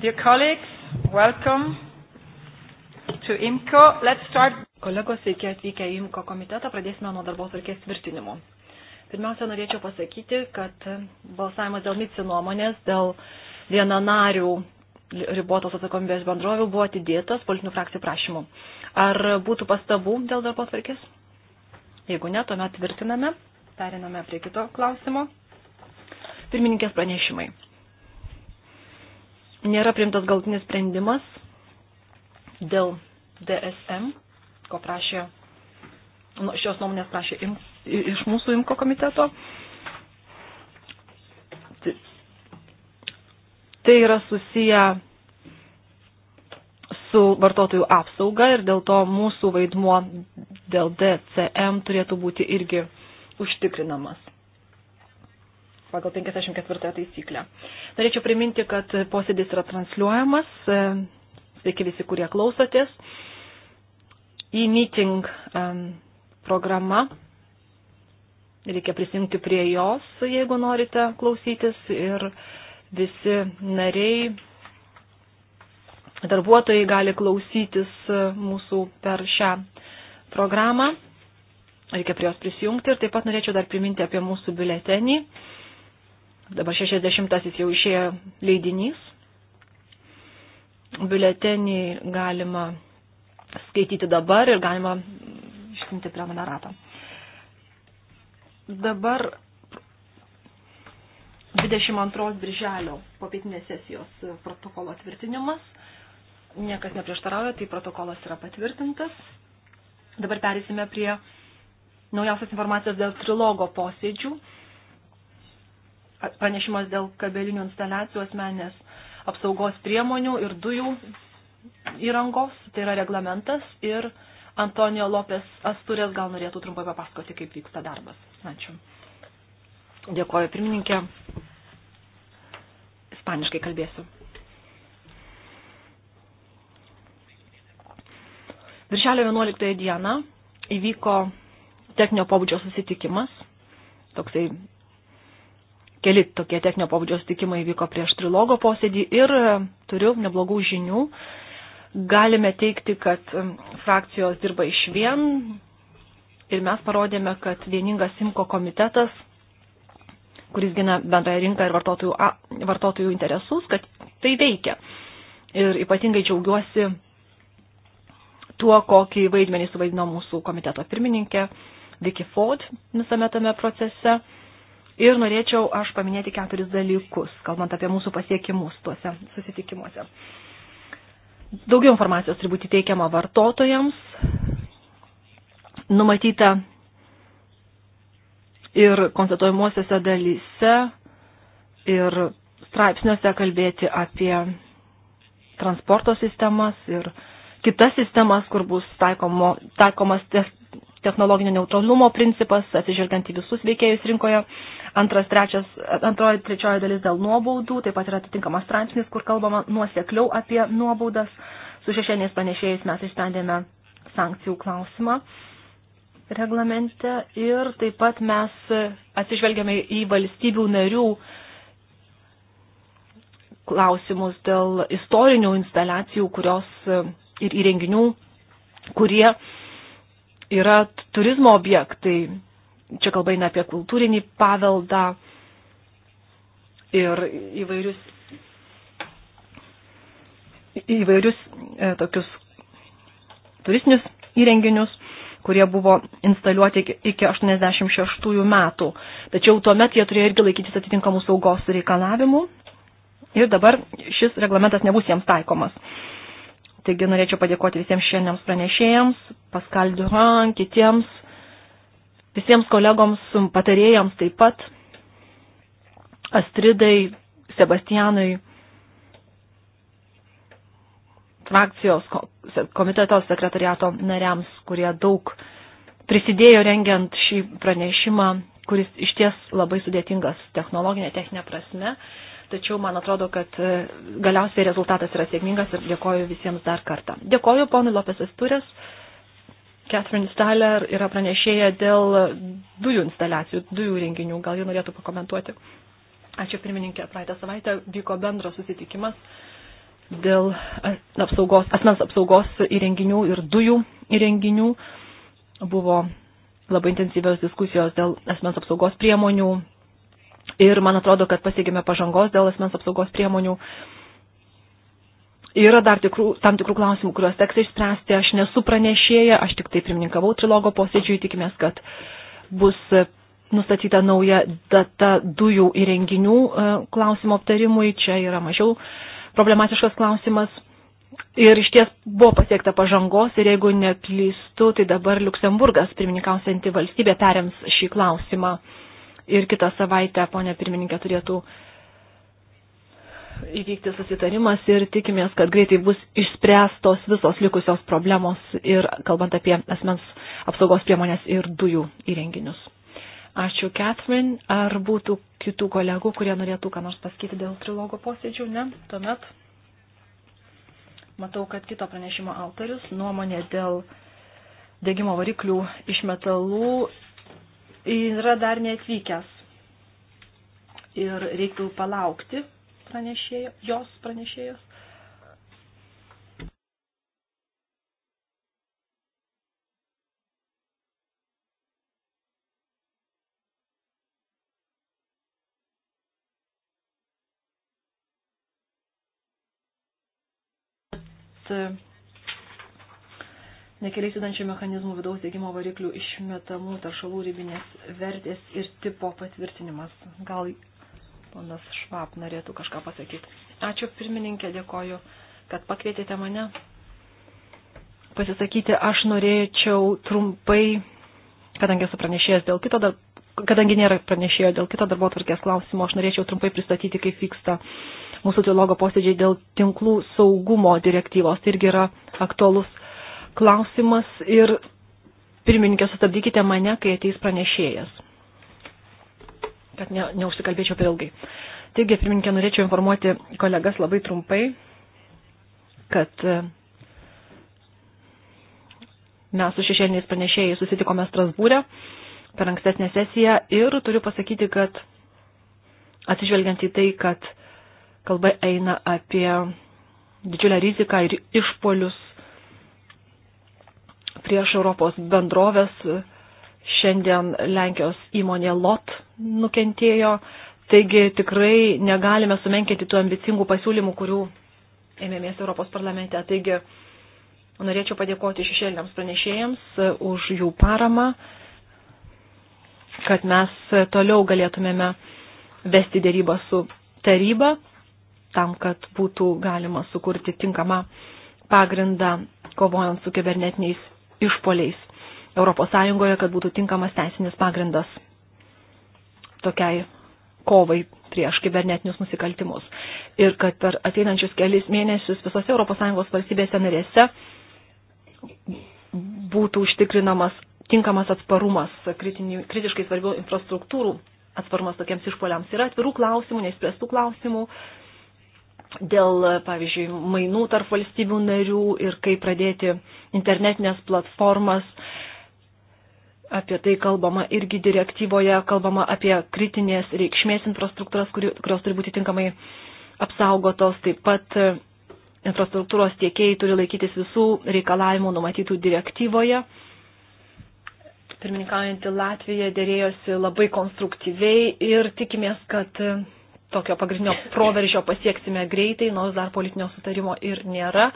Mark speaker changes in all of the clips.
Speaker 1: Dear colleagues, welcome
Speaker 2: to IMCO. Let's start. Kolegos, sveiki atvykę į IMCO komitetą. Pradėsime nuo darbo tvarkės tvirtinimo. Pirmiausia, norėčiau pasakyti, kad balsavimas dėl MICI nuomonės, dėl vienanarių ribotos atsakomybės bendrovių buvo atidėtas politinių frakcijų prašymų. Ar būtų pastabų dėl darbo tvarkės? Jeigu ne, tuomet tvirtiname. Periname prie kito klausimo. Pirmininkės pranešimai nėra primtas galtinis sprendimas dėl DSM, ko prašė, nu, šios nuomonės prašė im, iš mūsų imko komiteto. Tai yra susiję su vartotojų apsauga ir dėl to mūsų vaidmuo dėl DCM turėtų būti irgi užtikrinamas pagal 54 taisyklę. Norėčiau priminti, kad posėdis yra transliuojamas. Sveiki visi, kurie klausotės. E-meeting programa. Reikia prisijungti prie jos, jeigu norite klausytis. Ir visi nariai, darbuotojai gali klausytis e, mūsų per šią programą reikia prie jos prisijungti ir taip pat norėčiau dar priminti apie mūsų biuletenį. Dabar 60-asis jau išėjo leidinys. Biuletenį galima skaityti dabar ir galima išsiimti prenumeratą. Dabar 22 birželio popietinės sesijos protokolo tvirtinimas. Niekas neprieštarauja, tai protokolas yra patvirtintas. Dabar perėsime prie naujausios informacijos dėl trilogo posėdžių pranešimas dėl kabelinių instaliacijų asmenės apsaugos priemonių ir dujų įrangos, tai yra reglamentas ir Antonio Lopes Asturės gal norėtų trumpai papasakoti, kaip vyksta darbas. Ačiū. Dėkoju, pirmininkė. Ispaniškai kalbėsiu. Viršelio 11 dieną įvyko techninio pobūdžio susitikimas, toksai keli tokie techninio pabudžio sutikimai vyko prieš trilogo posėdį ir e, turiu neblogų žinių. Galime teikti, kad e, frakcijos dirba iš vien ir mes parodėme, kad vieningas Simko komitetas, kuris gina bendrąją rinką ir vartotojų, vartotojų interesus, kad tai veikia. Ir ypatingai džiaugiuosi tuo, kokį vaidmenį suvaidino mūsų komiteto pirmininkė Vicky Ford visame tame procese Ir norėčiau aš paminėti keturis dalykus, kalbant apie mūsų pasiekimus tuose susitikimuose. Daugiau informacijos turi būti teikiama vartotojams. Numatyta ir konstatuojimuosiuose dalyse ir straipsniuose kalbėti apie transporto sistemas ir kitas sistemas, kur bus taikomo, taikomas technologinio neutralumo principas, atsižvelgiant į visus veikėjus rinkoje. Antras, trečias, antroji, trečioji dalis dėl nuobaudų, taip pat yra atitinkamas straipsnis, kur kalbama nuosekliau apie nuobaudas. Su šešėniais panešėjais mes išsprendėme sankcijų klausimą reglamente ir taip pat mes atsižvelgiame į valstybių narių klausimus dėl istorinių instaliacijų kurios ir įrenginių, kurie yra turizmo objektai, čia kalba eina apie kultūrinį paveldą ir įvairius, įvairius e, tokius turistinius įrenginius kurie buvo instaliuoti iki 86 metų. Tačiau tuomet jie turėjo irgi laikytis atitinkamų saugos reikalavimų ir dabar šis reglamentas nebus jiems taikomas. Taigi norėčiau padėkoti visiems šiandiems pranešėjams, Pascal Duran, kitiems, visiems kolegoms, patarėjams taip pat, Astridai, Sebastianui, frakcijos komiteto sekretariato nariams, kurie daug prisidėjo rengiant šį pranešimą, kuris iš ties labai sudėtingas technologinė, techninė prasme tačiau man atrodo, kad e, galiausiai rezultatas yra sėkmingas ir dėkoju visiems dar kartą. Dėkoju ponui Lopesas Turės. Catherine Staller yra pranešėja dėl dujų instaliacijų, dujų renginių. Gal ji norėtų pakomentuoti? Ačiū pirmininkė. Praeitą savaitę vyko bendras susitikimas dėl e, apsaugos, asmens apsaugos įrenginių ir dujų įrenginių. Buvo labai intensyvios diskusijos dėl asmens apsaugos priemonių, Ir man atrodo, kad pasiekėme pažangos dėl asmens apsaugos priemonių. Yra dar tikrų, tam tikrų klausimų, kuriuos teks išspręsti. Aš nesu pranešėja, aš tik tai primininkavau trilogo posėdžiui, tikimės, kad bus nustatyta nauja data dujų įrenginių e, klausimo aptarimui. Čia yra mažiau problematiškas klausimas. Ir iš ties buvo pasiekta pažangos ir jeigu neklystu, tai dabar Luksemburgas, pirmininkausianti valstybė, perims šį klausimą ir kitą savaitę, ponė pirmininkė, turėtų įvykti susitarimas ir tikimės, kad greitai bus išspręstos visos likusios problemos ir kalbant apie asmens apsaugos priemonės ir dujų įrenginius. Ačiū, Catherine. Ar būtų kitų kolegų, kurie norėtų ką nors pasakyti dėl trilogo posėdžių? Ne? Tuomet matau, kad kito pranešimo autorius nuomonė dėl degimo variklių iš metalų yra dar neatvykęs. Ir reiktų palaukti pranešėjo, jos pranešėjos. kad nekeliai sudančių mechanizmų vidaus degimo variklių išmetamų taršalų ribinės vertės ir tipo patvirtinimas. Gal ponas Švap norėtų kažką pasakyti. Ačiū pirmininkė, dėkoju, kad pakvietėte mane pasisakyti. Aš norėčiau trumpai, kadangi esu pranešėjęs dėl kito dar. Kadangi nėra pranešėjo dėl kito darbo atvarkės klausimo, aš norėčiau trumpai pristatyti, kaip vyksta mūsų dialogo posėdžiai dėl tinklų saugumo direktyvos. Tai irgi yra aktualus klausimas ir pirmininkė sustabdykite mane, kai ateis pranešėjas, kad ne, neužsikalbėčiau per ilgai. Taigi, pirmininkė, norėčiau informuoti kolegas labai trumpai, kad e, mes su šešėliniais pranešėjais susitikome Strasbūrę per ankstesnę sesiją ir turiu pasakyti, kad atsižvelgiant į tai, kad kalba eina apie didžiulę riziką ir išpolius prieš Europos bendrovės. Šiandien Lenkijos įmonė LOT nukentėjo, taigi tikrai negalime sumenkinti tų ambicingų pasiūlymų, kurių ėmėmės Europos parlamente. Taigi norėčiau padėkoti šešėliniams pranešėjams už jų paramą, kad mes toliau galėtumėme vesti dėrybą su taryba, tam, kad būtų galima sukurti tinkamą pagrindą kovojant su kibernetiniais išpoliais ES, kad būtų tinkamas teisinis pagrindas tokiai kovai prieš kibernetinius nusikaltimus. Ir kad per ateinančius kelis mėnesius visose ES valstybėse narėse būtų užtikrinamas tinkamas atsparumas, kritinių, kritiškai svarbių infrastruktūrų atsparumas tokiems išpoliams. Yra atvirų klausimų, neįspręstų klausimų, dėl, pavyzdžiui, mainų tarp valstybių narių ir kaip pradėti internetinės platformas. Apie tai kalbama irgi direktyvoje, kalbama apie kritinės reikšmės infrastruktūras, kurios turi būti tinkamai apsaugotos. Taip pat e, infrastruktūros tiekėjai turi laikytis visų reikalavimų numatytų direktyvoje. Pirmininkaujantį Latviją dėrėjosi labai konstruktyviai ir tikimės, kad e, tokio pagrindinio proveržio pasieksime greitai, nors dar politinio sutarimo ir nėra.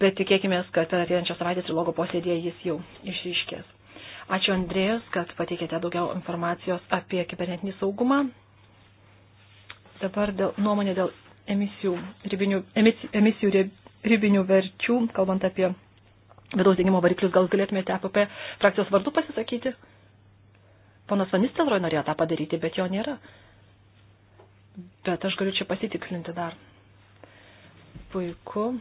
Speaker 2: Bet tikėkime, kad per ateinančią savaitę trilogo posėdėje jis jau išryškės. Ačiū Andrėjas, kad pateikėte daugiau informacijos apie kibernetinį saugumą. Dabar dėl, nuomonė dėl emisijų, ribinių, emisijų ribinių verčių, kalbant apie vidaus degimo variklius, gal galėtumėte APP frakcijos vardu pasisakyti? Ponas Vanistelroj norėjo tą padaryti, bet jo nėra bet aš galiu čia pasitikslinti dar. Puiku.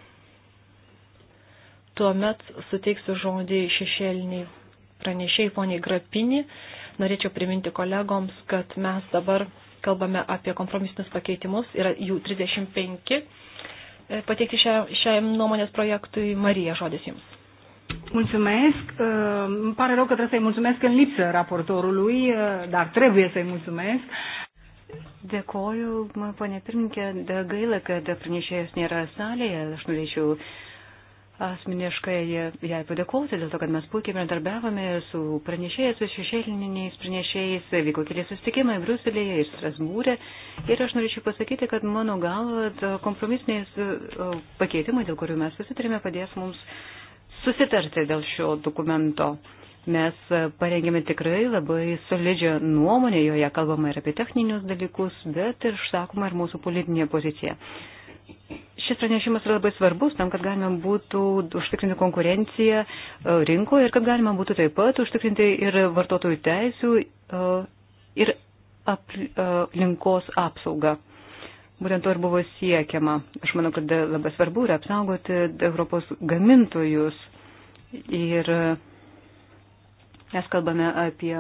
Speaker 2: Tuomet suteiksiu žodį šešėliniai pranešėjai poniai Grapinį. Norėčiau priminti kolegoms, kad mes dabar kalbame apie kompromisinius pakeitimus. Yra jų 35 e, pateikti šiam nuomonės projektui. Marija, žodis
Speaker 1: jums. Mulțumesc. E, îmi pare rău că trebuie să-i mulțumesc în lipsă raportorului, e, dar trebuie să-i mulțumesc. Dėkoju, ponė pirminkė, gaila, kad pranešėjas nėra salėje. Aš norėčiau asmeniškai jai padėkoti dėl to, kad mes puikiai bendarbiavome su pranešėjais, su šešėlininiais pranešėjais, vyko keli susitikimai Bruselėje ir Strasbūrė. Ir aš norėčiau pasakyti, kad mano galva kompromisiniais e, pakeitimai, dėl kurių mes susitarėme, padės mums susitarti dėl šio dokumento. Mes parengėme tikrai labai solidžią nuomonę, joje kalbama ir apie techninius dalykus, bet ir išsakoma ir mūsų politinė pozicija. Šis pranešimas yra labai svarbus tam, kad galima būtų užtikrinti konkurenciją e, rinkoje ir kad galima būtų taip pat užtikrinti ir vartotojų teisų e, ir aplinkos e, apsaugą. Būtent to ir buvo siekiama. Aš manau, kad labai svarbu yra apsaugoti Europos gamintojus ir Mes kalbame apie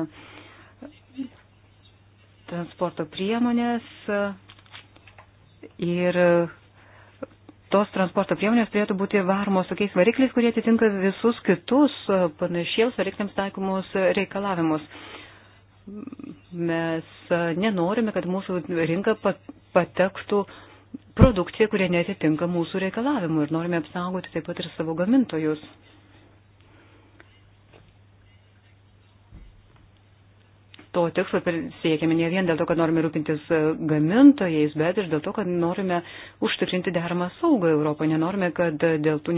Speaker 1: transporto priemonės ir tos transporto priemonės turėtų būti varomos tokiais varikliais, kurie atitinka visus kitus panašiems varikliams taikomus reikalavimus. Mes nenorime, kad mūsų rinka patektų produkcija, kurie netitinka mūsų reikalavimų ir norime apsaugoti taip pat ir savo gamintojus. to tikslo siekiame ne vien dėl to, kad norime rūpintis e, gamintojais, bet ir dėl to, kad norime užtikrinti deramą saugą Europoje. Nenorime, kad dėl tų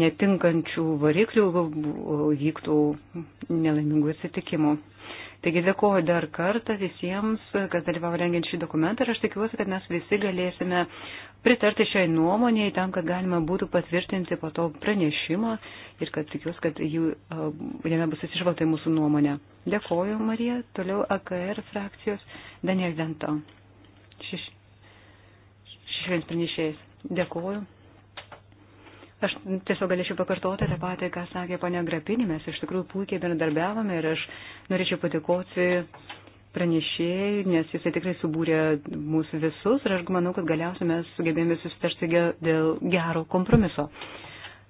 Speaker 1: netinkančių variklių e, vyktų nelaimingų atsitikimų. Taigi dėkuoju dar kartą visiems, kas dalyvavo rengiant šį dokumentą ir aš tikiuosi, kad mes visi galėsime pritarti šiai nuomonėjai tam, kad galima būtų patvirtinti po to pranešimą ir kad tikiuosi, kad jų, jame bus atsižvalgta į mūsų nuomonę. Dėkuoju, Marija. Toliau AKR frakcijos Daniel Dento. Šešvienis pranešėjas. Dėkuoju. Aš tiesiog galėčiau pakartoti tą patį, ką sakė ponia Grapinė, mes iš tikrųjų puikiai bendradarbiavome ir aš norėčiau padėkoti pranešėjai, nes jisai tikrai subūrė mūsų visus ir aš manau, kad galiausiai mes sugebėjome susitarti dėl gero kompromiso.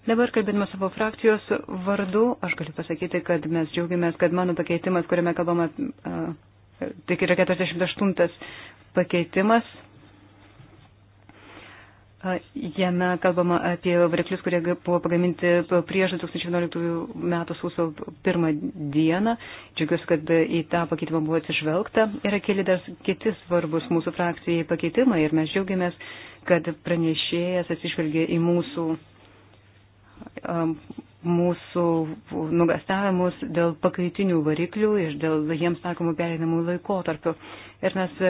Speaker 1: Dabar, kalbėdama savo frakcijos vardu, aš galiu pasakyti, kad mes džiaugiamės, kad mano pakeitimas, kuriame kalbama, tik yra 48 pakeitimas, Jame kalbama apie variklius, kurie buvo pagaminti prieš 2011 metų sausio pirmą dieną. Džiugiuosi, kad į tą pakeitimą buvo atsižvelgta. Yra keli dar kiti svarbus mūsų frakcijai pakeitimai ir mes džiaugiamės, kad pranešėjas atsižvelgė į mūsų, mūsų nugastavimus dėl pakaitinių variklių ir dėl jiems sakomų perinamų laikotarpių. Ir mes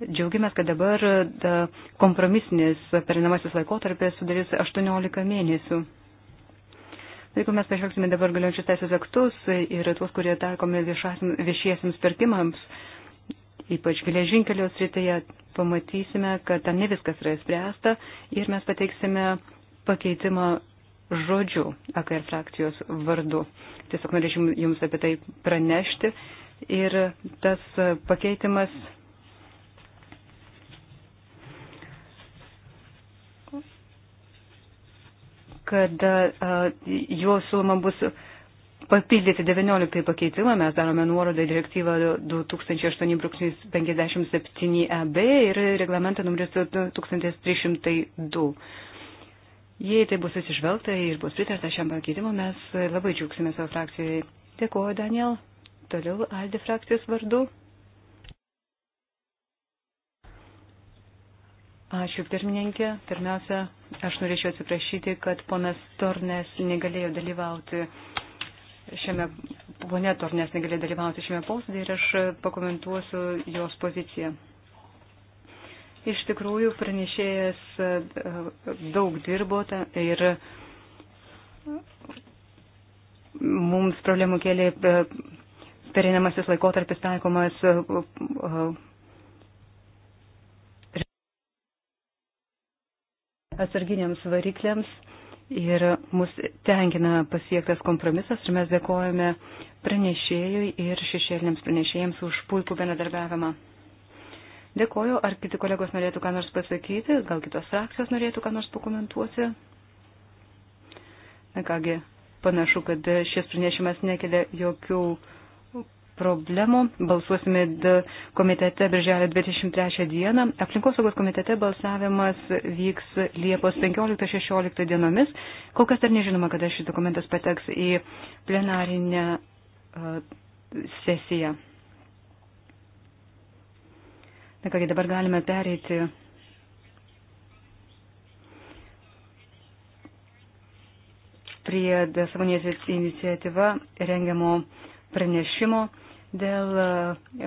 Speaker 1: Džiaugiamės, kad dabar kompromisinis perinamasis laikotarpis sudarys 18 mėnesių. Tai jeigu mes pažvelgsime dabar galiojančius teisės aktus ir tuos, kurie taikomi viešiesiams pirkimams, ypač geležinkelio srityje, pamatysime, kad ten ne viskas yra spręsta ir mes pateiksime pakeitimą žodžių AKR frakcijos vardu. Tiesiog norėčiau Jums apie tai pranešti ir tas pakeitimas kad jo siūloma bus papildyti 19 pakeitimą, mes darome nuorodą į direktyvą 2008-57 EB ir reglamentą numeris 1302. Jei tai bus atsižvelgta ir bus pritarta šiam pakeitimu, mes labai džiaugsime savo frakcijai. Dėkuoju, Daniel. Toliau Aldi frakcijos vardu. Ačiū, pirmininkė. Pirmiausia, aš norėčiau atsiprašyti, kad ponas Tornes negalėjo dalyvauti šiame, ponė Tornes negalėjo dalyvauti šiame posėdėje ir aš pakomentuosiu jos poziciją. Iš tikrųjų, pranešėjas e, daug dirbo ir mums problemų kėlė e, perinamasis laikotarpis taikomas e, atsarginiams varikliams ir mus tenkina pasiektas kompromisas ir mes dėkojame pranešėjui ir šešėliniams pranešėjams už puikų bendradarbiavimą. Dėkoju, ar kiti kolegos norėtų ką nors pasakyti, gal kitos frakcijos norėtų ką nors pakomentuoti. Na kągi, panašu, kad šis pranešimas nekelia jokių problemų. Balsuosime komitete birželio 23 dieną. Aplinkosaugos komitete balsavimas vyks Liepos 15-16 dienomis. Kol kas dar nežinoma, kada šis dokumentas pateks į plenarinę sesiją. Na kągi, dabar galime pereiti prie savo iniciatyvą rengiamo pranešimo dėl e,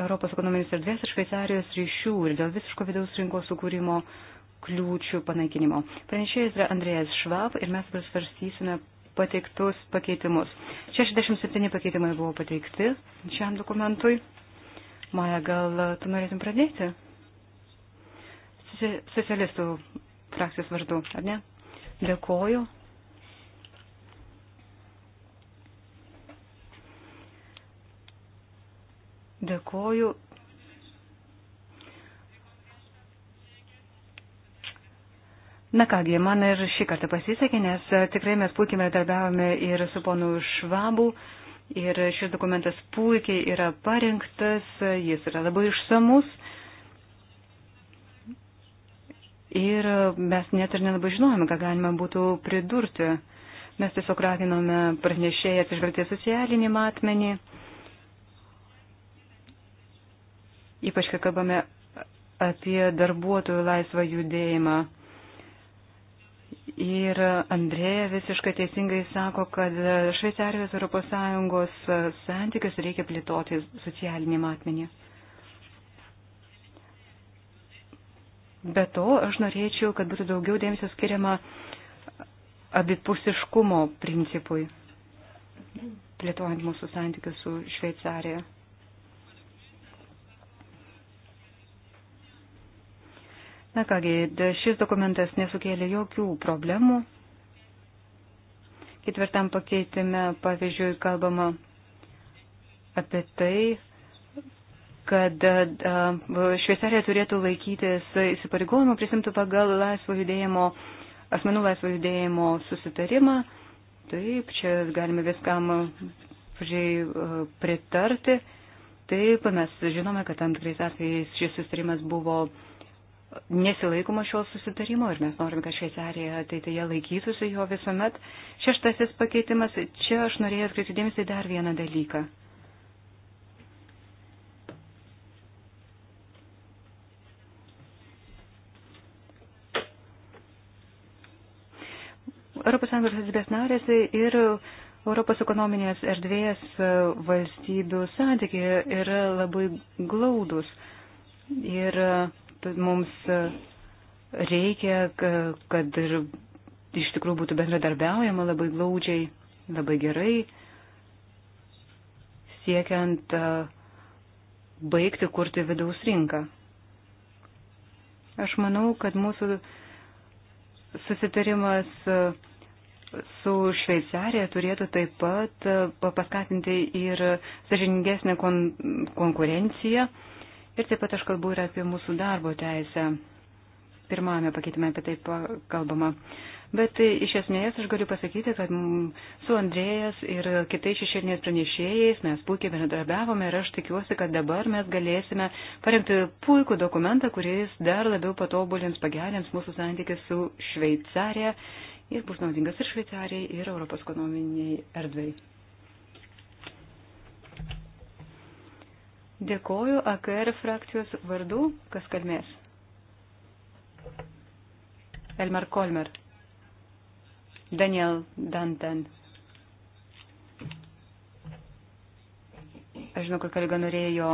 Speaker 1: Europos ekonominės erdvės ir Šveicarijos ryšių ir dėl visiško vidaus rinkos sukūrimo kliūčių panaikinimo. Pranešėjas yra Andrėjas Švab ir mes svarstysime pateiktus pakeitimus. 67 pakeitimai buvo pateikti šiam dokumentui. Maja, gal e, tu norėtum pradėti? Socialistų frakcijos vardu, ar ne? Dėkoju. Dėkoju. Na kągi, man ir šį kartą pasisekė, nes e, tikrai mes puikiai bendradarbiavome ir su ponu Švabu. Ir šis dokumentas puikiai yra parinktas, e, jis yra labai išsamus. Ir e, mes net ir nelabai žinojame, ką galima būtų pridurti. Mes tiesiog raginome pranešėją atsižvelgti socialinį matmenį. ypač kai kalbame apie darbuotojų laisvą judėjimą. Ir Andrėja visiškai teisingai sako, kad Šveicarijos ES santykius reikia plėtoti socialinį matmenį. Be to, aš norėčiau, kad būtų daugiau dėmesio skiriama abipusiškumo principui, plėtojant mūsų santykius su Šveicarija. Na kągi, šis dokumentas nesukėlė jokių problemų. Ketvirtam pakeitime, pavyzdžiui, kalbama apie tai, kad Šveicarija turėtų laikytis įsipareigojimų prisimtų pagal laisvo judėjimo, asmenų laisvo judėjimo susitarimą. Taip, čia galime viskam pritarti. Taip, mes žinome, kad tam tikrais atvejais šis susitarimas buvo uh, nesilaikoma šio susitarimo ir mes norime, kad Šveicarija ateityje laikytųsi jo visuomet. Šeštasis pakeitimas, čia aš norėjau atkreipti dėmesį dar vieną dalyką. Europos Sąjungos valstybės narės ir Europos ekonominės erdvės valstybių santykiai yra labai glaudus. Ir uh, mums e, reikia, kad ir iš tikrųjų būtų bendradarbiaujama labai glaudžiai, labai gerai, siekiant e, baigti kurti vidaus rinką. Aš manau, kad mūsų susitarimas e, su Šveicarija turėtų taip pat paskatinti ir sažiningesnę kon konkurenciją Ir taip pat aš kalbu ir apie mūsų darbo teisę. Pirmame pakeitime apie tai kalbama. Bet iš esmės aš galiu pasakyti, kad su Andrėjas ir kitais šešėlinės pranešėjais mes puikiai bendradarbiavome ir aš tikiuosi, kad dabar mes galėsime parengti puikų dokumentą, kuris dar labiau patobulins, pagerins mūsų santykius su Šveicarija ir bus naudingas ir Šveicarijai, ir Europos ekonominiai erdvai. Dėkoju AKR frakcijos vardu, kas kalbės. Elmar Kolmer. Daniel Dantan. Aš žinau, kad kolega norėjo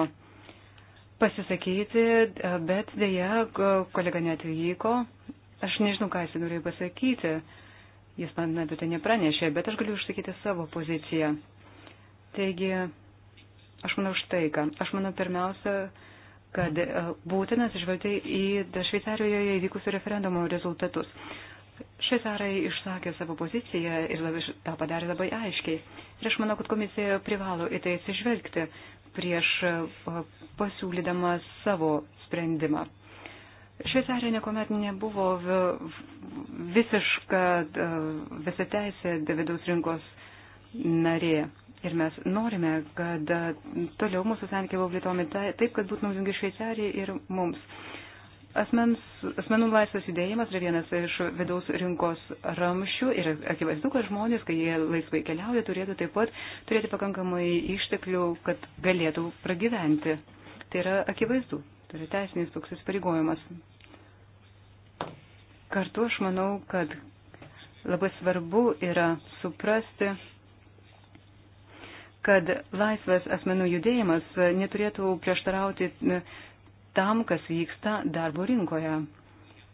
Speaker 1: pasisakyti, bet dėja, kolega neatvyko. Aš nežinau, ką jis norėjo pasakyti. Jis man apie tai nepranešė, bet aš galiu išsakyti savo poziciją. Taigi, Aš manau štai ką. Aš manau pirmiausia, kad e, būtinas žvelgti į Šveicarijoje įvykusių referendumo rezultatus. Šveicarai išsakė savo poziciją ir labai, tą padarė labai aiškiai. Ir aš manau, kad komisija privalo į tai atsižvelgti prieš e, pasiūlydama savo sprendimą. Šveicarija niekuomet nebuvo visiška e, visateisė vidaus rinkos narė. Ir mes norime, kad toliau mūsų santykiai buvo plėtomi taip, kad būtų naudingi Šveicarijai ir mums. Asmens, asmenų laisvas judėjimas yra vienas iš vidaus rinkos ramšių ir akivaizdu, kad žmonės, kai jie laisvai keliauja, turėtų taip pat turėti pakankamai išteklių, kad galėtų pragyventi. Tai yra akivaizdu, tai yra teisinis toks įsipareigojimas. Kartu aš manau, kad labai svarbu yra suprasti, kad laisvas asmenų judėjimas neturėtų prieštarauti e, tam, kas vyksta darbo rinkoje.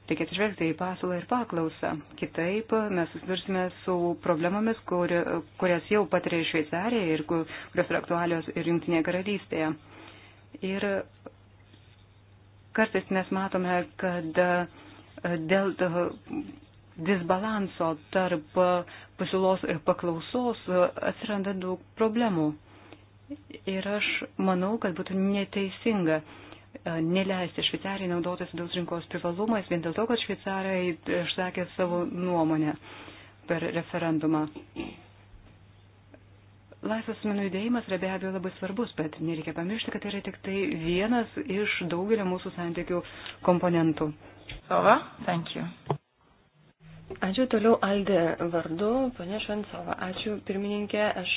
Speaker 1: Reikia atsižvelgti į pasiūlą ir paklausą. Kitaip mes susidursime su problemomis, kur, kurias jau patiria Šveicarija ir kurios yra aktualios ir Junktinėje karalystėje. Ir kartais mes matome, kad e, dėl disbalanso tarp pasiūlos ir paklausos atsiranda daug problemų. Ir aš manau, kad būtų neteisinga e, neleisti Šveicarijai naudotis vidaus rinkos privalumais vien dėl to, kad Šveicarijai išsakė savo nuomonę per referendumą. Laisvas asmenų judėjimas yra be abejo labai svarbus, bet nereikia pamiršti, kad tai yra tik tai vienas iš daugelio mūsų santykių komponentų. Sova, thank you. Ačiū toliau Aldė vardu, ponė Švencova.
Speaker 3: Ačiū pirmininkė, aš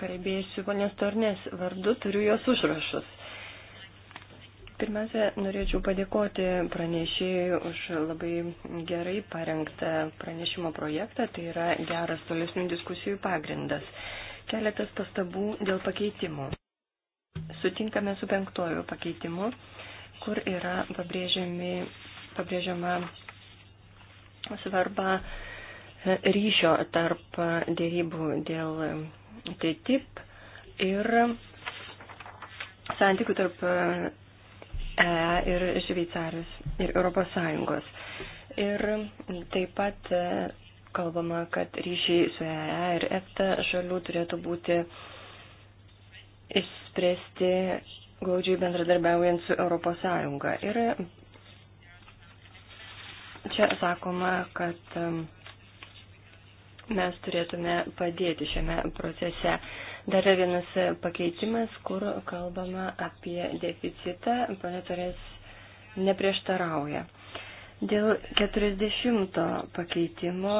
Speaker 3: kalbėsiu ponės Tornės vardu, turiu jos užrašus. Pirmiausia, norėčiau padėkoti pranešėjai už labai gerai parengtą pranešimo projektą. Tai yra geras tolesnių diskusijų pagrindas. Keletas pastabų dėl pakeitimų. Sutinkame su penktojo pakeitimu, kur yra pabrėžiami, pabrėžiama svarbą e, ryšio tarp e, dėrybų dėl e, TTIP ir santykių tarp EE ir Šveicarijos ir Europos Sąjungos. Ir taip pat kalbama, kad ryšiai su EE ir EFTA šalių turėtų būti išspręsti glaudžiai bendradarbiaujant su Europos Sąjunga. Ir Čia sakoma, kad mes turėtume padėti šiame procese. Dar vienas pakeitimas, kur kalbama apie deficitą, planetorės neprieštarauja. Dėl 40 pakeitimo,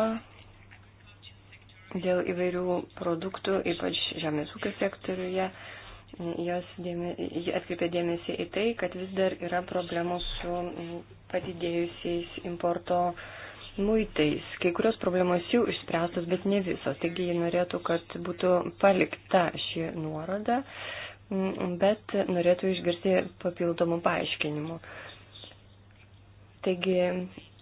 Speaker 3: dėl įvairių produktų, ypač žemės ūkio sektoriuje, jos dėme, atkreipė dėmesį į tai, kad vis dar yra problemų su padidėjusiais importo muitais. Kai kurios problemos jau išspręstos, bet ne visos. Taigi jie norėtų, kad būtų palikta ši nuoroda, bet norėtų išgirsti papildomų paaiškinimų. Taigi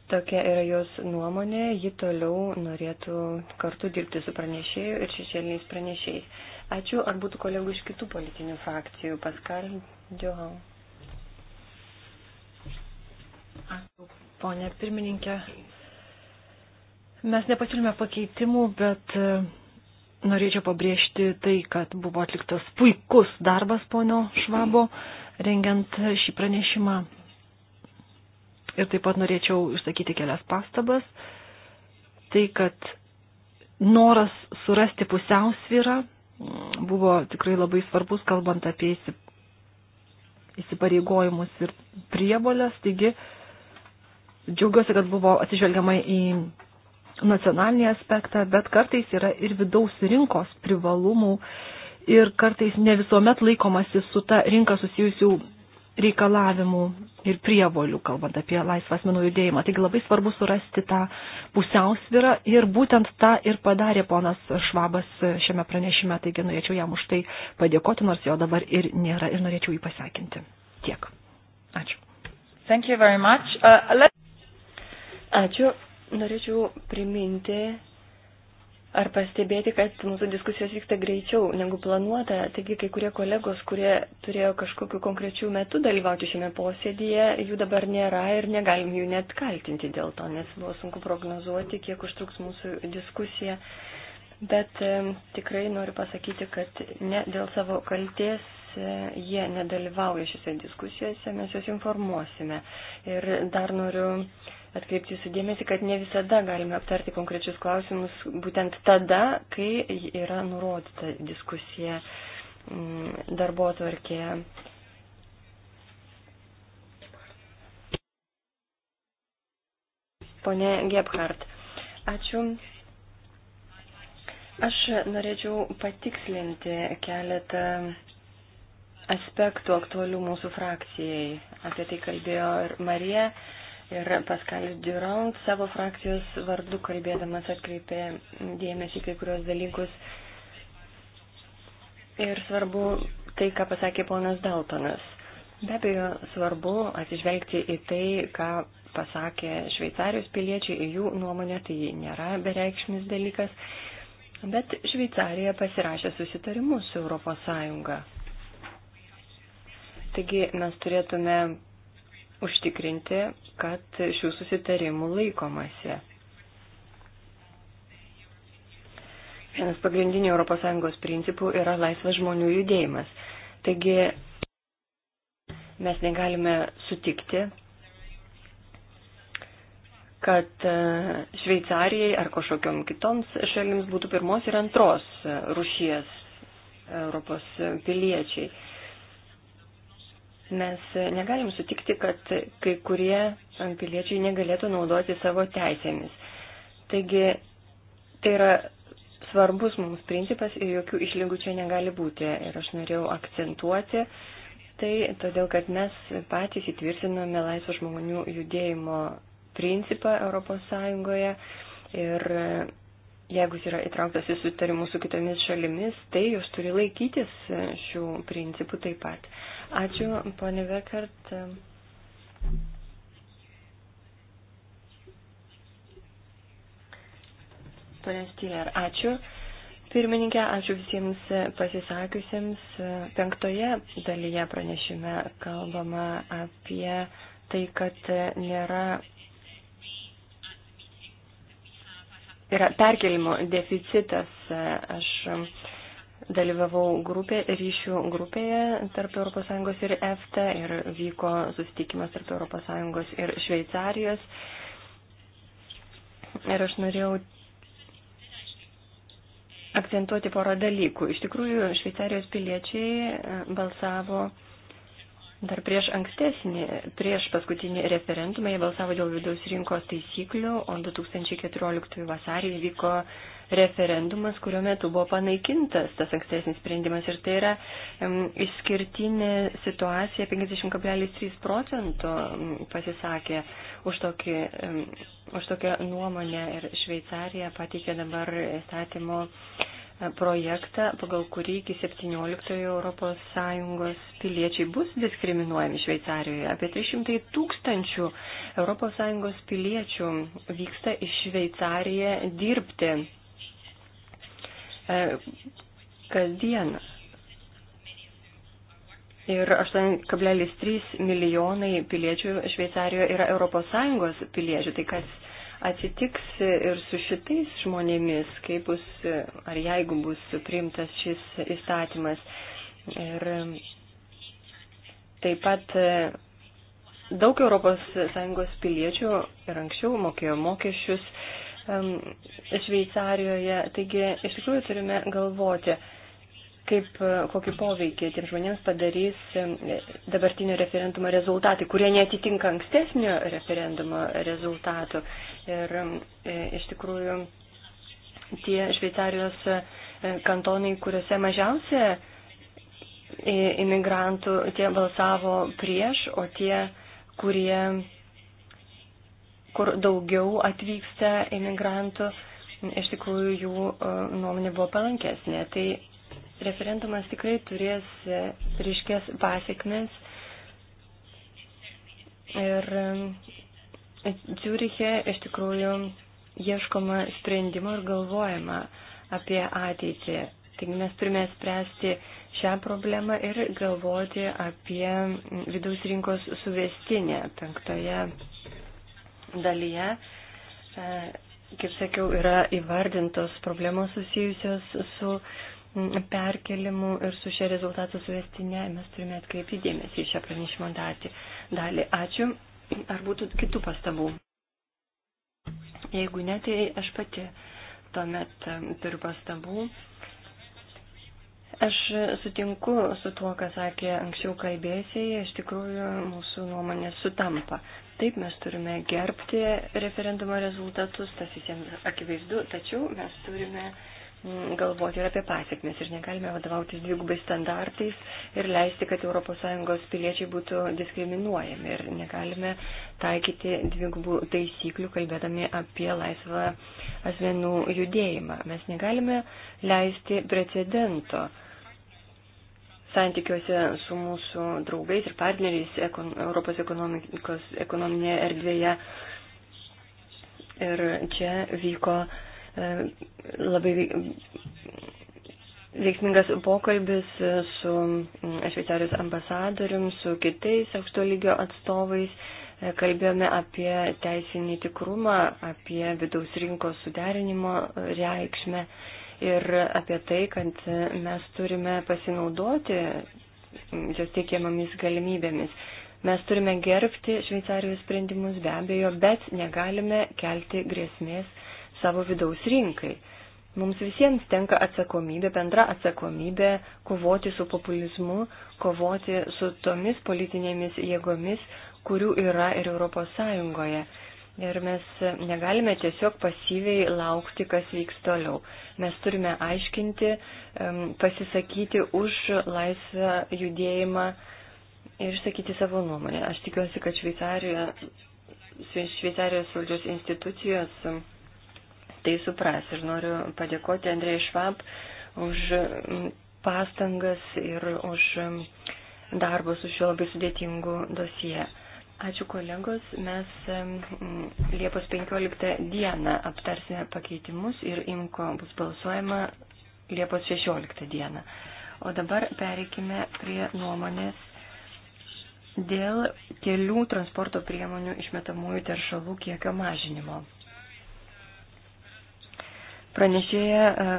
Speaker 3: Tokia yra jos nuomonė, ji toliau norėtų kartu dirbti su pranešėju ir šešėliniais pranešėjais. Ačiū, ar būtų kolegų iš kitų politinių frakcijų? Paskal Džohau. Ačiū, ponė
Speaker 2: pirmininkė. Mes nepasiūlėme pakeitimų, bet e, norėčiau pabrėžti tai, kad buvo atliktas puikus darbas ponio Švabo rengiant šį pranešimą. Ir taip pat norėčiau išsakyti kelias pastabas. Tai, kad noras surasti pusiausvyrą buvo tikrai labai svarbus, kalbant apie įsipareigojimus ir prievolės. Taigi, džiaugiuosi, kad buvo atsižvelgiama į nacionalinį aspektą, bet kartais yra ir vidaus rinkos privalumų ir kartais ne visuomet laikomasi su ta rinka susijusių reikalavimų ir prievolių, kalbant apie laisvą asmenų judėjimą. Taigi labai svarbu surasti tą pusiausvyrą ir būtent tą ir padarė ponas Švabas šiame pranešime, taigi norėčiau jam už tai padėkoti, nors jo dabar ir nėra ir norėčiau jį pasakinti. Tiek. Ačiū.
Speaker 3: Thank you very much. Uh, let... Ačiū. Norėčiau priminti ar pastebėti, kad mūsų diskusijos vyksta greičiau negu planuota. Taigi kai kurie kolegos, kurie turėjo kažkokiu konkrečiu metu dalyvauti šiame posėdėje, jų dabar nėra ir negalim jų net kaltinti dėl to, nes buvo sunku prognozuoti, kiek užtruks mūsų diskusija. Bet e, tikrai noriu pasakyti, kad ne dėl savo kalties jie nedalyvauja šiose diskusijose, mes juos informuosime. Ir dar noriu atkreipti jūsų dėmesį, kad ne visada galime aptarti konkrečius klausimus būtent tada, kai yra nurodyta diskusija mm, darbo atvarkėje. Pone Gebhardt, ačiū. Aš norėčiau patikslinti keletą aspektų aktualių mūsų frakcijai. Apie tai kalbėjo ir Marija, ir Paskalis Durant savo frakcijos vardu kalbėdamas atkreipė dėmesį kai kurios dalykus. Ir svarbu tai, ką pasakė ponas Daltonas. Be abejo, svarbu atsižvelgti į tai, ką pasakė šveicarijos piliečiai, į jų nuomonę, tai nėra bereikšmis dalykas. Bet Šveicarija pasirašė susitarimus su ES. Taigi mes turėtume užtikrinti, kad šių susitarimų laikomasi. Vienas pagrindinių ES principų yra laisvas žmonių judėjimas. Taigi mes negalime sutikti, kad e, Šveicarijai ar kažkokiam kitoms šalims būtų pirmos ir antros e, rušies Europos piliečiai. Mes negalim sutikti, kad kai kurie piliečiai negalėtų naudoti savo teisėmis. Taigi tai yra svarbus mums principas ir jokių išlygų čia negali būti. Ir aš norėjau akcentuoti tai, todėl kad mes patys įtvirtinome laisvo žmonių judėjimo principą Europos Sąjungoje. Ir jeigu jis yra įtrauktas į sutarimus su kitomis šalimis, tai jos turi laikytis šių principų taip pat. Ačiū, ponė Vekart. Pone Stiler, ačiū. Pirmininkė, ačiū visiems pasisakiusiems. Penktoje dalyje pranešime kalbama apie tai, kad nėra. Yra perkelimo deficitas. Aš dalyvavau grupė, ryšių grupėje tarp ES ir EFTA ir vyko susitikimas tarp ES ir Šveicarijos. Ir aš norėjau akcentuoti porą dalykų. Iš tikrųjų, Šveicarijos piliečiai e, balsavo dar prieš ankstesnį, prieš paskutinį referendumą, jie balsavo dėl vidaus rinkos taisyklių, o 2014 vasarį vyko referendumas, kurio metu buvo panaikintas tas ankstesnis sprendimas. Ir tai yra um, išskirtinė situacija, 50,3 procento pasisakė už, tokį, um, už tokią nuomonę ir Šveicarija pateikė dabar įstatymo e, projektą, pagal kurį iki 17 ES piliečiai bus diskriminuojami Šveicarijoje. Apie 300 tūkstančių ES piliečių vyksta į Šveicariją dirbti. E, kasdieną. Ir 8,3 milijonai piliečių Šveicarijoje yra ES piliečių. Tai kas atsitiks ir su šitais žmonėmis, kaip bus ar jeigu bus priimtas šis įstatymas. Ir taip pat e, daug ES piliečių ir anksčiau mokėjo mokesčius Šveicarijoje. Taigi, iš tikrųjų turime galvoti, kaip e, kokį poveikį tiems žmonėms padarys dabartinio referendumo rezultatai, kurie netitinka ankstesnio referendumo rezultatų. Ir e, iš tikrųjų tie Šveicarijos e, kantonai, kuriuose mažiausia imigrantų, tie balsavo prieš, o tie, kurie kur daugiau atvyksta imigrantų, iš tikrųjų jų e, nuomonė buvo palankesnė. Tai referendumas tikrai turės e, ryškės pasiekmes. Ir e, Ciuriche iš tikrųjų ieškoma sprendimo ir galvojama apie ateitį. Taigi mes turime spręsti šią problemą ir galvoti apie vidaus rinkos suvestinę penktoje dalyje, e, kaip sakiau, yra įvardintos problemos susijusios su perkelimu ir su šia rezultatų suvestinė. Mes turime atkreipti dėmesį į šią pranešimo dalį. Ačiū. Ar būtų kitų pastabų? Jeigu ne, tai aš pati tuomet e, turiu pastabų. Aš sutinku su tuo, ką sakė anksčiau kalbėsiai, iš tikrųjų mūsų nuomonės sutampa. Taip, mes turime gerbti referendumo rezultatus, tas visiems akivaizdu, tačiau mes turime mm, galvoti ir apie pasiekmes ir negalime vadovautis dvigubai standartais ir leisti, kad ES piliečiai būtų diskriminuojami ir negalime taikyti dvigubų taisyklių, kalbėdami apie laisvą asmenų judėjimą. Mes negalime leisti precedento santykiuose su mūsų draugais ir partneriais ekon, Europos ekonominėje erdvėje. Ir čia vyko e, labai veiksmingas pokalbis su mm, Šveicarijos ambasadorium, su kitais aukšto lygio atstovais. E, kalbėjome apie teisinį tikrumą, apie vidaus rinkos suderinimo reikšmę ir apie tai, kad mes turime pasinaudoti jos teikiamomis galimybėmis. Mes turime gerbti Šveicarijos sprendimus be abejo, bet negalime kelti grėsmės savo vidaus rinkai. Mums visiems tenka atsakomybė, bendra atsakomybė kovoti su populizmu, kovoti su tomis politinėmis jėgomis, kurių yra ir Europos Sąjungoje. Ir mes negalime tiesiog pasyviai laukti, kas vyks toliau. Mes turime aiškinti, pasisakyti už laisvą judėjimą ir išsakyti savo nuomonę. Aš tikiuosi, kad Šveicarijoje, Šveicarijos valdžios institucijos tai supras. Ir noriu padėkoti Andrei Švab už pastangas ir už darbus su šiuo labai sudėtingu dosiju. Ačiū kolegos. Mes Liepos 15 dieną aptarsime pakeitimus ir imko bus balsuojama Liepos 16 dieną. O dabar pereikime prie nuomonės dėl kelių transporto priemonių išmetamųjų teršalų kiekio mažinimo. Pranešėja e,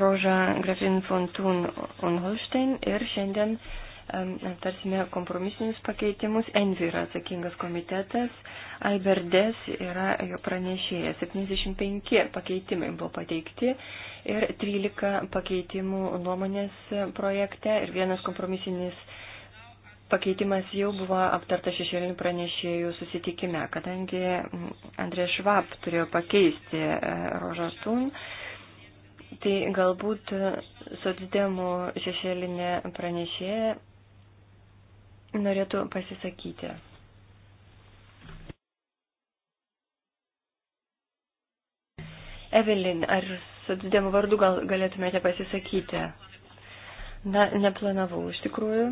Speaker 3: Roža Grafin Fontun Unholstein ir šiandien uh, aptarsime kompromisinius pakeitimus. Envi yra atsakingas komitetas, Aiberdes yra jo pranešėjas. 75 pakeitimai buvo pateikti ir 13 pakeitimų nuomonės projekte ir vienas kompromisinis pakeitimas jau buvo aptarta šešėlinių pranešėjų susitikime, kadangi Andrė Švab turėjo pakeisti e, Rožą Tun. Tai galbūt e, sodidemų šešėlinė pranešėja norėtų pasisakyti. Evelin, ar sudėdėmų vardu gal, galėtumėte pasisakyti? Na, neplanavau iš tikrųjų.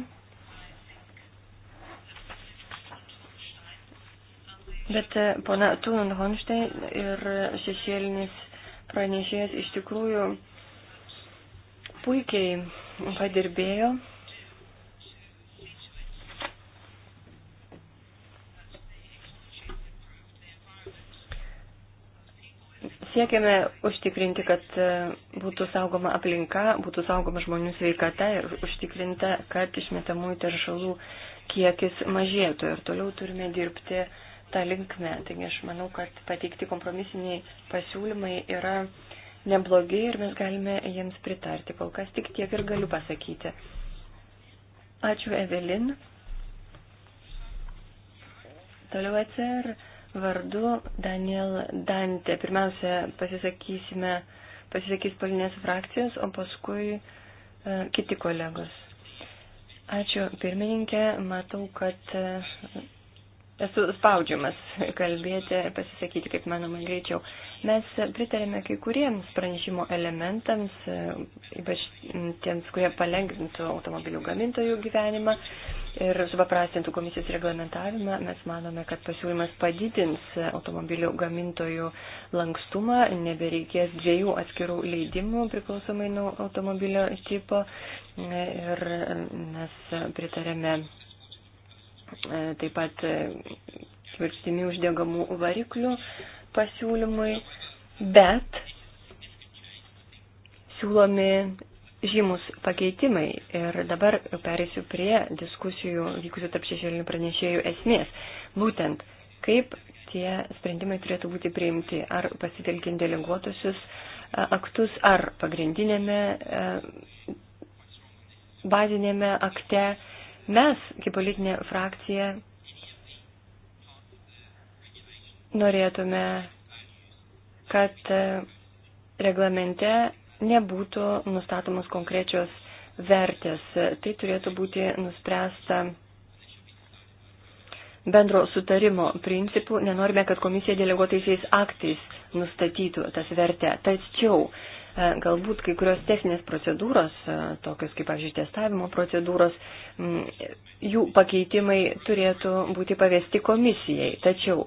Speaker 3: Bet e, pana Tunan Honštein ir šešėlinis pranešėjas iš tikrųjų puikiai padirbėjo Siekiame užtikrinti, kad e, būtų saugoma aplinka, būtų saugoma žmonių sveikata ir užtikrinta, kad išmetamųjų teršalų kiekis mažėtų. Ir toliau turime dirbti tą linkmę. Taigi aš manau, kad pateikti kompromisiniai pasiūlymai yra neblogi ir mes galime jiems pritarti. Kol kas tik tiek ir galiu pasakyti. Ačiū, Evelin. Toliau atsir vardu Daniel Dante. Pirmiausia, pasisakysime, pasisakys palinės frakcijos, o paskui e, kiti kolegos. Ačiū pirmininkė, matau, kad e, esu spaudžiamas kalbėti, pasisakyti, kaip manoma, greičiau. Mes pritarėme kai kuriems pranešimo elementams, e, ypač tiems, kurie palengvintų automobilių gamintojų gyvenimą. E, ir supaprastintų komisijos reglamentavimą, mes manome, kad pasiūlymas padidins automobilių gamintojų lankstumą, nebereikės dviejų atskirų leidimų priklausomai nuo automobilio tipo ir mes pritarėme e, taip pat e, tvirtimi uždegamų variklių pasiūlymui, bet siūlomi žymus pakeitimai. Ir dabar perėsiu prie diskusijų vykusių tarp šešėlinių pranešėjų esmės. Būtent kaip tie sprendimai turėtų būti priimti, ar pasitelkiant deleguotusius e, aktus, ar pagrindinėme e, bazinėme akte. Mes, kaip politinė frakcija, norėtume, kad e, reglamente nebūtų nustatomos konkrečios vertės. Tai turėtų būti nuspręsta bendro sutarimo principų. Nenorime, kad komisija deleguotaisiais aktais nustatytų tas vertę. Tačiau e, galbūt kai kurios techninės procedūros, e, tokios kaip, pavyzdžiui, testavimo procedūros, jų pakeitimai turėtų būti pavesti komisijai. Tačiau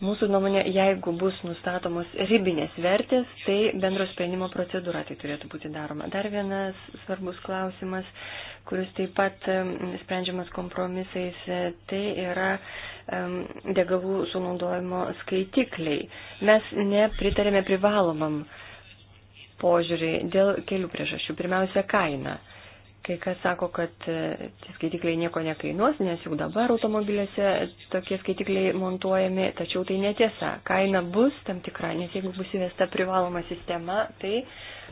Speaker 3: Mūsų nuomonė, jeigu bus nustatomos ribinės vertės, tai bendro sprendimo procedūra tai turėtų būti daroma. Dar vienas svarbus klausimas, kuris taip pat sprendžiamas kompromisais, e, tai yra degalų sunaudojimo skaitikliai. Mes nepritarėme privalomam požiūriui dėl kelių priežasčių. Pirmiausia, kaina. Kai kas sako, kad e, tie skaitikliai nieko nekainuos, nes jau dabar automobiliuose tokie skaitikliai montuojami, tačiau tai netiesa. Kaina bus tam tikra, nes jeigu bus įvesta privaloma sistema, tai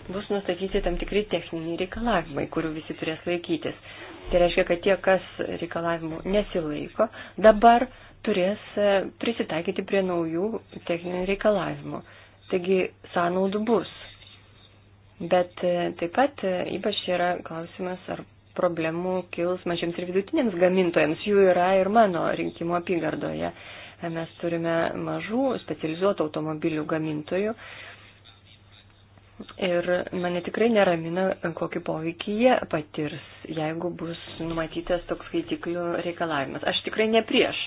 Speaker 3: bus nustatyti tam tikri techniniai reikalavimai, kurių visi turės laikytis. Tai reiškia, kad tie, kas reikalavimų nesilaiko, dabar turės e, prisitaikyti prie naujų techninių reikalavimų. Taigi sąnaudų bus. Bet e, taip pat e, ypač yra klausimas, ar problemų kils mažiems ir vidutiniams gamintojams. Jų yra ir mano rinkimo apygardoje. E, mes turime mažų specializuotų automobilių gamintojų. Ir mane tikrai neramina, kokį poveikį jie patirs, jeigu bus numatytas toks skaitiklių reikalavimas. Aš tikrai ne prieš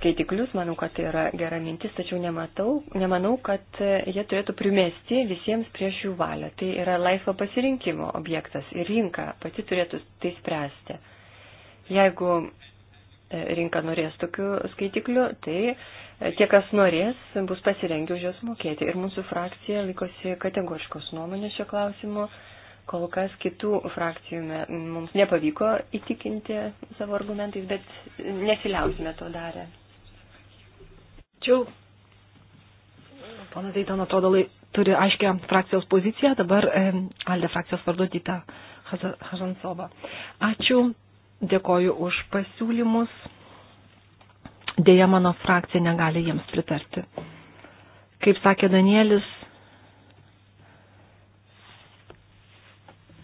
Speaker 3: skaitiklius, manau, kad tai yra gera mintis, tačiau nematau, nemanau, kad e, jie turėtų primesti visiems prieš jų valią. Tai yra laisvo pasirinkimo objektas ir rinka pati turėtų tai spręsti. Jeigu e, rinka norės tokių skaitiklių, tai e, tie, kas norės, bus pasirengę už juos mokėti. Ir mūsų frakcija laikosi kategoriškos nuomonės šio klausimu. Kol kas kitų frakcijų mums nepavyko įtikinti savo argumentais, bet nesiliausime to darę. Tačiau
Speaker 2: ponas Eitan atrodo lai, turi aiškę frakcijos poziciją, dabar e, Alde frakcijos vardu Dita Hazansova. Ačiū, dėkoju už pasiūlymus. Deja, mano frakcija negali jiems pritarti. Kaip sakė Danielis,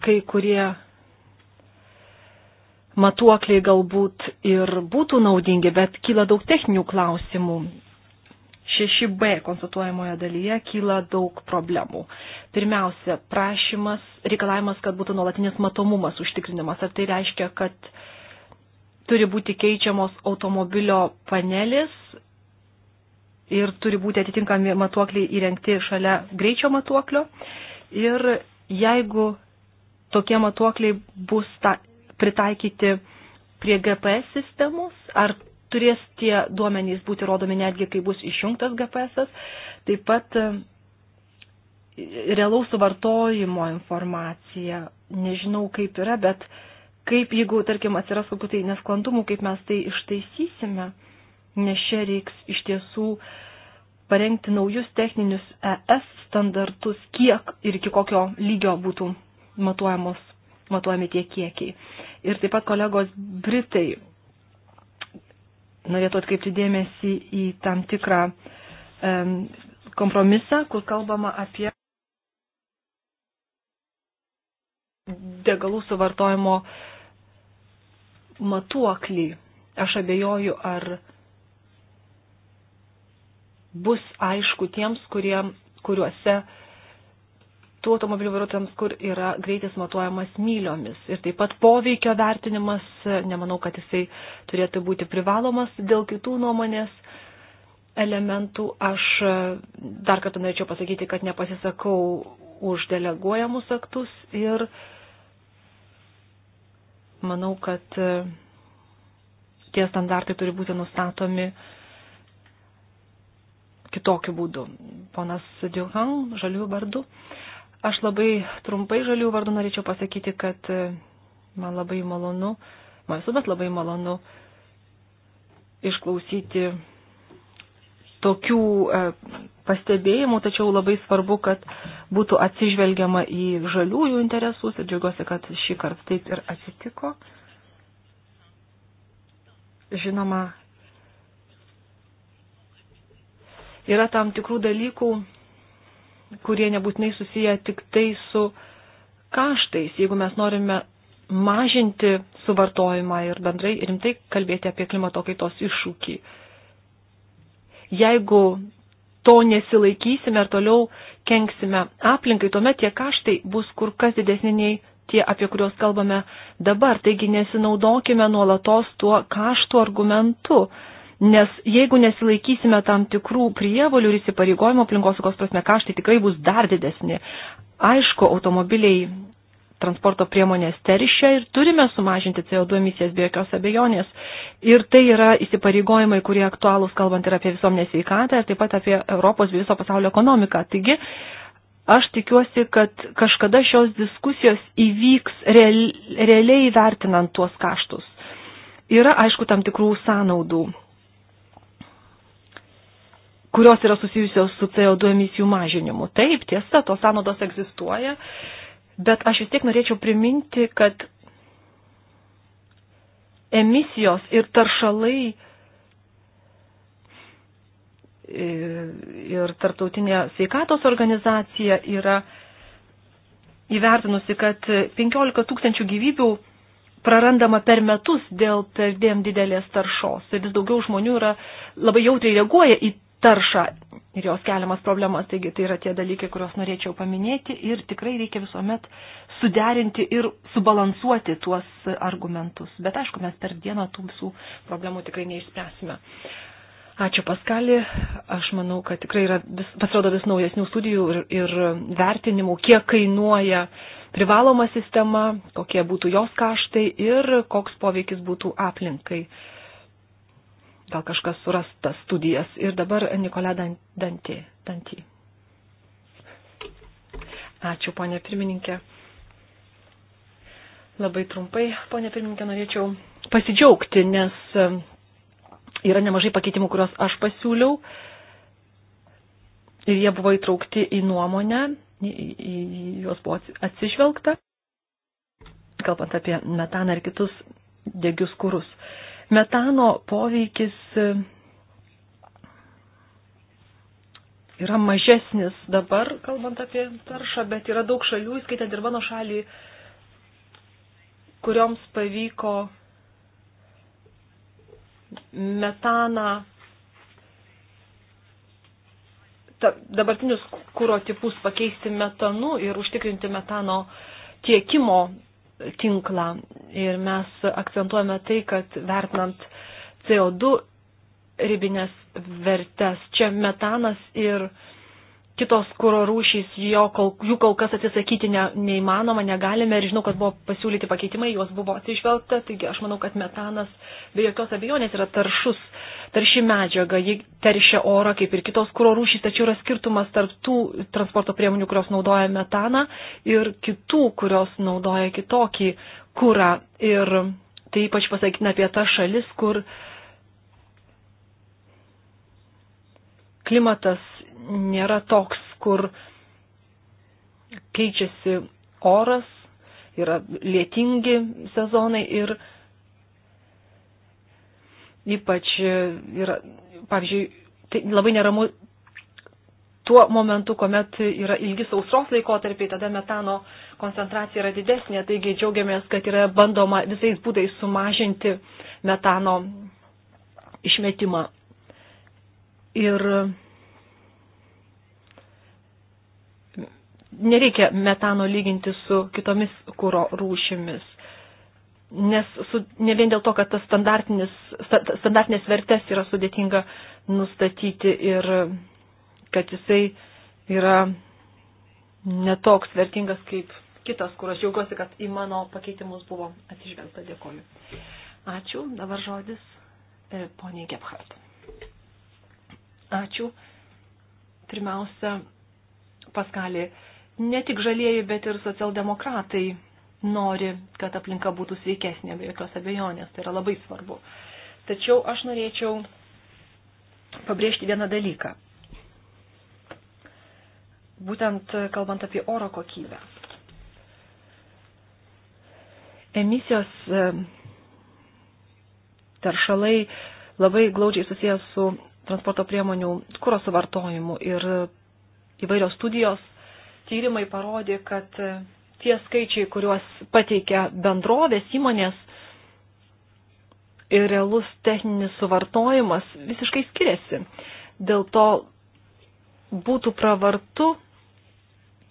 Speaker 2: kai kurie matuokliai galbūt ir būtų naudingi, bet kyla daug techninių klausimų 6b konstatuojamoje dalyje kyla daug problemų. Pirmiausia, prašymas, reikalavimas, kad būtų nuolatinis matomumas užtikrinimas. Ar tai reiškia, kad turi būti keičiamos automobilio panelis ir turi būti atitinkami matuokliai įrengti šalia greičio matuoklio. Ir jeigu tokie matuokliai bus ta, pritaikyti prie GPS sistemos, ar turės tie duomenys būti rodomi netgi, kai bus išjungtas GPS. Taip pat e, realaus suvartojimo informacija, nežinau kaip yra, bet kaip jeigu, tarkim, atsiras kokių tai nesklandumų, kaip mes tai ištaisysime, nes čia reiks iš tiesų parengti naujus techninius ES standartus, kiek ir iki kokio lygio būtų matuojamos, matuojami tie kiekiai. Ir taip pat kolegos Britai norėtų atkreipti dėmesį į tam tikrą um, kompromisą, kur kalbama apie degalų suvartojimo matuoklį. Aš abejoju, ar bus aišku tiems, kurie, kuriuose uh, tų automobilių vairuotojams, kur yra greitis matuojamas myliomis. Ir taip pat poveikio vertinimas, nemanau, kad jisai turėtų būti privalomas. Dėl kitų nuomonės elementų aš e, dar kartą norėčiau pasakyti, kad nepasisakau už deleguojamus aktus ir manau, kad e, tie standartai turi būti nustatomi kitokiu būdu. Ponas Diuhan, žaliųjų vardu. Uh, Aš labai trumpai žalių vardu norėčiau pasakyti, kad e, man labai malonu, man visuomet labai malonu išklausyti tokių e, pastebėjimų, tačiau labai svarbu, kad būtų atsižvelgiama į žaliųjų interesus ir džiaugiuosi, kad šį kartą taip ir atsitiko. Žinoma, yra tam tikrų dalykų, kurie nebūtinai susiję tik tai su kaštais. Jeigu mes norime mažinti suvartojimą ir bendrai rimtai kalbėti apie klimato kaitos iššūkį. Jeigu to nesilaikysime ir toliau kenksime aplinkai, tuomet tie kaštai bus kur kas didesni nei tie, apie kuriuos kalbame dabar. Taigi nesinaudokime nuolatos tuo kaštų argumentu. Nes jeigu nesilaikysime tam tikrų prievolių ir įsipareigojimo aplinkosaugos prasme, kaštai tikrai bus dar didesni. Aišku, automobiliai transporto priemonės teršia ir turime sumažinti CO2 emisijas be jokios abejonės. Ir tai yra įsipareigojimai, kurie aktualūs kalbant ir apie visuomenės veikatą, ir taip pat apie Europos bei viso pasaulio ekonomiką. Taigi, aš tikiuosi, kad kažkada šios diskusijos įvyks real, realiai vertinant tuos kaštus. Yra, aišku, tam tikrų sąnaudų kurios yra susijusios su CO2 emisijų mažinimu. Taip, tiesa, tos sąnaudos egzistuoja, bet aš vis tiek norėčiau priminti, kad emisijos ir taršalai e, ir tarptautinė sveikatos organizacija yra įvertinusi, kad 15 tūkstančių gyvybių prarandama per metus dėl perdėm didelės taršos. Ir vis daugiau žmonių yra labai jautriai reaguoja į taršą ir jos keliamas problemas. Taigi tai yra tie dalykai, kuriuos norėčiau paminėti ir tikrai reikia visuomet suderinti ir subalansuoti tuos argumentus. Bet aišku, mes per dieną tų visų problemų tikrai neišspręsime. Ačiū Paskali, aš manau, kad tikrai yra vis, pasirodo vis naujesnių studijų ir, ir vertinimų, kiek kainuoja privaloma sistema, kokie būtų jos kaštai ir koks poveikis būtų aplinkai. Uh, Gal kažkas suras tas studijas. Ir dabar Nikola Dantį. Dantį. Ačiū, ponė pirmininkė. Labai trumpai, ponė pirmininkė, norėčiau pasidžiaugti, nes e, yra nemažai pakeitimų, kuriuos aš pasiūliau. Ir jie buvo įtraukti į nuomonę, į, į, į juos buvo atsižvelgta, kalbant apie metaną ir kitus degius kurus. Uh, Metano poveikis e, yra mažesnis dabar, kalbant apie taršą, bet yra daug šalių, įskaitant ir mano šalį, kurioms pavyko metaną ta, dabartinius kūro tipus pakeisti metanu ir užtikrinti metano tiekimo tinklą. Ir mes akcentuojame tai, kad vertinant CO2 ribinės vertes, čia metanas ir kitos kūro rūšys, jo, kol, jų kol kas atsisakyti ne, neįmanoma, negalime ir žinau, kad buvo pasiūlyti pakeitimai, juos buvo atsižvelgta, taigi aš manau, kad metanas be jokios abejonės yra taršus, tarši medžiaga, ji teršia orą kaip ir kitos kūro rūšys, tačiau yra skirtumas tarp tų transporto priemonių, kurios naudoja metaną ir kitų, kurios naudoja kitokį kūrą. Ir tai ypač pasakytina apie tas šalis, kur klimatas nėra toks, kur keičiasi oras, yra lietingi sezonai ir ypač yra, pavyzdžiui, tai labai neramu tuo momentu, kuomet yra ilgi sausros laikotarpiai, tada metano koncentracija yra didesnė, taigi džiaugiamės, kad yra bandoma visais būdais sumažinti metano išmetimą. Ir nereikia metano lyginti su kitomis kūro rūšimis. Nes su, ne vien dėl to, kad tas standartinės vertės yra sudėtinga nustatyti ir kad jisai yra netoks vertingas kaip kitas, kur aš džiaugiuosi, kad į mano pakeitimus buvo atsižvelgta. Dėkoju. Ačiū. Dabar žodis e, poniai Gebhardt. Ačiū. Pirmiausia, Paskalį Ne tik žalieji, bet ir socialdemokratai nori, kad aplinka būtų sveikesnė, be jokios abejonės, tai yra labai svarbu. Tačiau aš norėčiau pabrėžti vieną dalyką. Būtent kalbant apie oro kokybę. Emisijos e, taršalai labai glaudžiai susijęs su transporto priemonių kūro suvartojimu ir įvairios studijos tyrimai parodė, kad tie skaičiai, kuriuos pateikia bendrovės įmonės ir realus techninis suvartojimas visiškai skiriasi. Dėl to būtų pravartu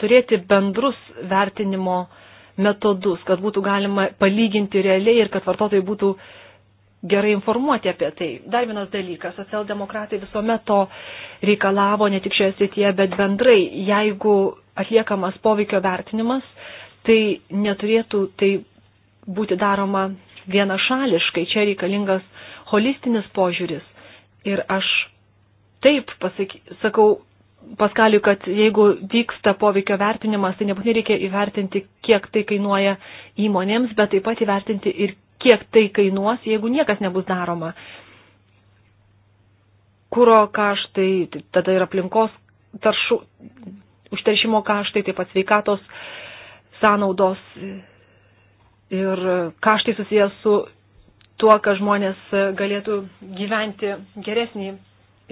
Speaker 2: turėti bendrus vertinimo metodus, kad būtų galima palyginti realiai ir kad vartotojai būtų uh, gerai informuoti apie tai. Dar vienas dalykas, socialdemokratai visuomet to reikalavo ne tik šioje srityje, bet bendrai, jeigu atliekamas poveikio vertinimas, tai neturėtų tai būti daroma vienašališkai, čia reikalingas holistinis požiūris. Ir aš taip pasaky, sakau Paskaliu, kad jeigu vyksta poveikio vertinimas, tai nebūtinai reikia įvertinti, kiek tai kainuoja įmonėms, bet taip pat įvertinti ir kiek tai kainuos, jeigu niekas nebus daroma. Kūro kaštai, tai tada ir aplinkos taršų, užteršimo kaštai, taip pat sveikatos sąnaudos ir kaštai susijęs su tuo, kad žmonės galėtų gyventi geresnį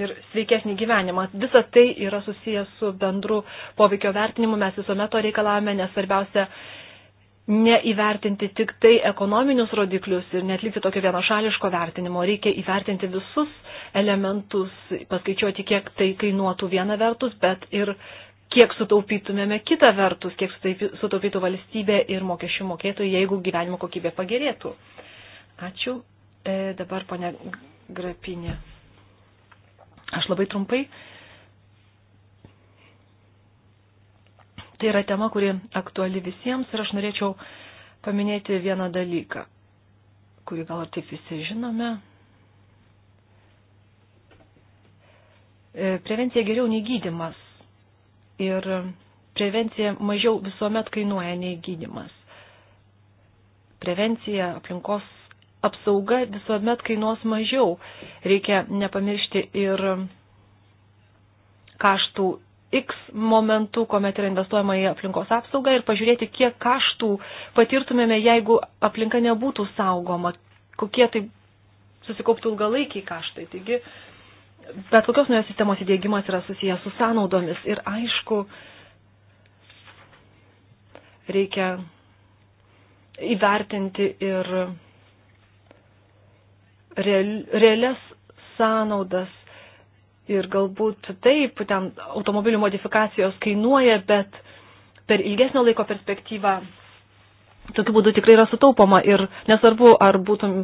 Speaker 2: ir sveikesnį gyvenimą. Visa tai yra susijęs su bendru poveikio vertinimu, mes visuomet to reikalavome, nes svarbiausia neįvertinti tik tai ekonominius rodiklius ir netlikti tokio vienašališko vertinimo. Reikia įvertinti visus elementus, paskaičiuoti, kiek tai kainuotų viena vertus, bet ir kiek sutaupytumėme kita vertus, kiek sutaupytų valstybė ir mokesčių mokėtojai, jeigu gyvenimo kokybė pagerėtų. Ačiū. E, dabar, ponia Grapinė. Aš labai trumpai. E, Tai yra tema, kuri aktuali visiems ir aš norėčiau paminėti vieną dalyką, kurį gal ir taip visi žinome. E, prevencija geriau nei gydimas ir prevencija mažiau visuomet kainuoja nei gydimas. Prevencija aplinkos apsauga visuomet kainuos mažiau. Reikia nepamiršti ir kaštų X momentu, kuomet yra investuojama į aplinkos apsaugą ir pažiūrėti, kiek kaštų patirtumėme, jeigu aplinka nebūtų saugoma, kokie tai susikauptų ilgalaikiai kaštai. Taigi, bet kokios naujos sistemos įdėgymas yra susijęs su sąnaudomis ir aišku, reikia įvertinti ir realias sąnaudas Ir galbūt taip, ten automobilių modifikacijos kainuoja, bet per ilgesnio laiko perspektyvą tokiu būdu tikrai yra sutaupoma. Ir nesvarbu, ar būtum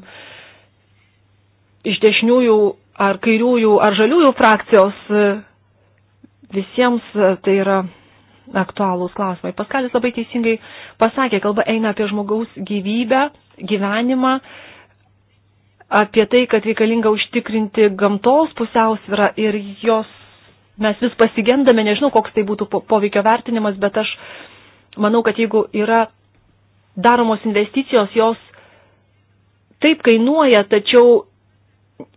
Speaker 2: iš dešiniųjų, ar kairiųjų, ar žaliųjų frakcijos, visiems tai yra aktualūs klausimai. Paskalis labai teisingai pasakė, kalba eina apie žmogaus gyvybę, gyvenimą apie tai, kad reikalinga užtikrinti gamtos pusiausvyrą ir jos mes vis pasigendame, nežinau, koks tai būtų poveikio vertinimas, bet aš manau, kad jeigu yra daromos investicijos, jos taip kainuoja, tačiau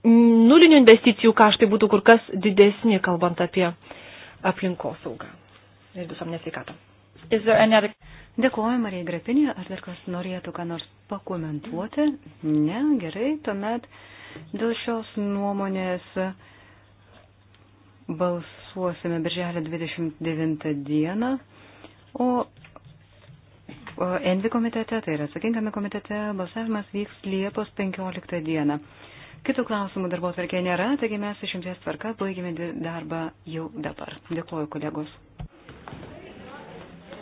Speaker 2: nulinių investicijų kaštai būtų kur kas didesni, kalbant
Speaker 1: apie aplinkosaugą ir visuomenės sveikatą. Other... Dėkuoju, Marija Grepinė. Ar dar kas norėtų ką nors pakomentuoti? Ne, gerai. Tuomet dėl šios nuomonės balsuosime birželio 29 dieną, o Envi komitete, tai yra atsakingame komitete, balsavimas vyks Liepos 15 dieną. Kitų klausimų darbo tvarkė nėra, taigi mes išimties tvarka baigėme darbą jau dabar. Dėkuoju, kolegos.